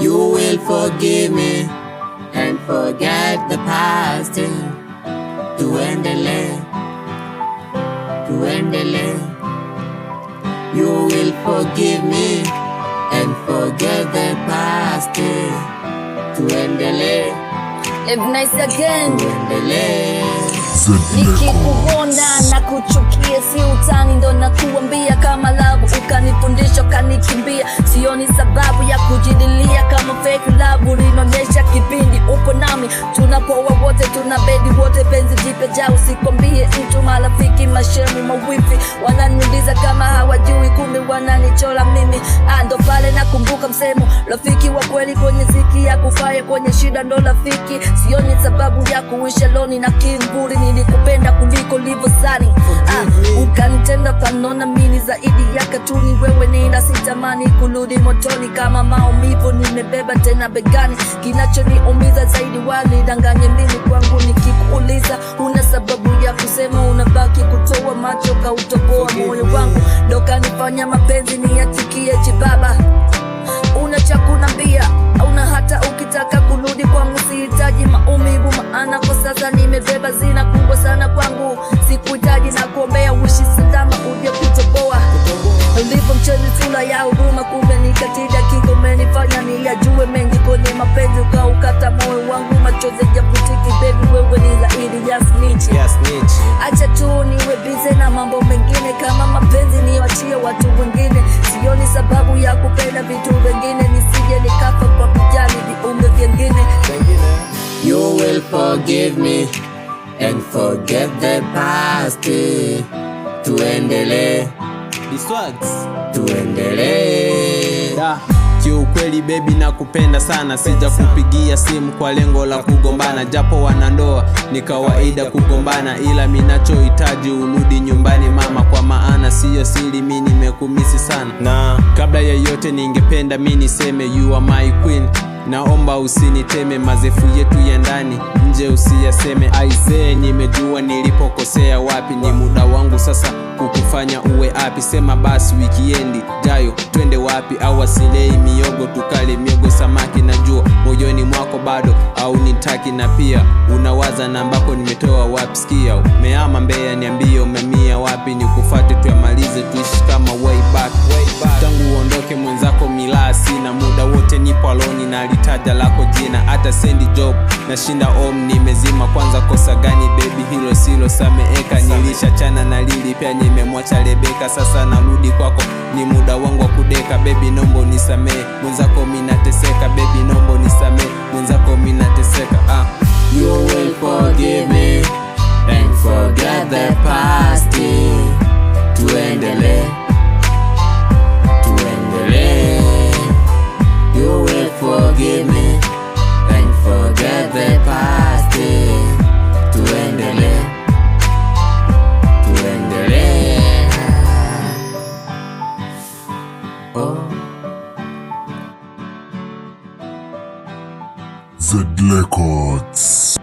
You will forgive me and forget the past. Tuendele, tuendele. You will forgive me and forget the past. Tuendele. Live nice again. Tuendele. Nikikuona na kuchukia, si utani ndo nakuambia, kama labu ukanifundisha ukanikimbia, sioni sababu kujililia kama fake love ulinionyesha kipindi uko nami, tunapoa wote bedi wote, penzi jipe ja usikwambie mtu, marafiki mashemu mawifi wananiuliza kama hawajui, kumbe wananichola mimi. Ando ah, pale nakumbuka msemo, rafiki wa kweli kwenye ziki ya kufaye kwenye shida ndo rafiki, sioni sababu ya kuisha loni na kimburi, nilikupenda kuliko livyosani kanona mini zaidi ya katuni, wewe nina sitamani kurudi motoni, kama maumivu nimebeba tena begani. Kinachoniumiza zaidi walidanganye mimi kwangu, nikikuuliza una sababu ya kusema, unabaki kutoa macho kautogoa moyo wangu dokanifanya ya huruma kumbe ni katira kiko menifanya niyajue mengi kwenye mapenzi, ukaukata moyo wangu machozi japutiki. Baby wewe ni zaidi ya snitch, snitch acha tu niwe bize na mambo mengine, kama mapenzi wachie watu wengine. Sioni sababu ya kupenda vitu vingine, nisije nikafa kwa kujali viumbe vyengine. You will forgive me and forget the past, tuendelee Biswags Kiukweli bebi, na kupenda sana, sija kupigia simu kwa lengo la kugombana, japo wanandoa ni kawaida kugombana, ila minachohitaji urudi nyumbani mama, kwa maana siyo siri, mi nimekumisi sana, na kabla ya yote ningependa mi niseme you are my queen Naomba usiniteme mazefu yetu ya ndani nje usiyaseme aisee, nimejua nilipokosea wapi. Ni muda wangu sasa kukufanya uwe api. Sema basi wikiendi jayo twende wapi? Au asilei miogo tukale miogo samaki? Najua moyoni mwako bado au nitaki, na pia unawaza na ambako nimetoa wapi. Sikia umeama Mbeya, niambie umemia wapi, nikufate tuyamalize tu nalitaja lako jina, hata sendi Job nashinda om, nimezima kwanza. Kosa gani baby, hilo silo sameeka, nilishachana na Lili pia nimemwacha Rebeka. Sasa narudi kwako, ni muda wangu wa kudeka. Baby nombo nisamehe, mwenzako minateseka baby nombo Z Records.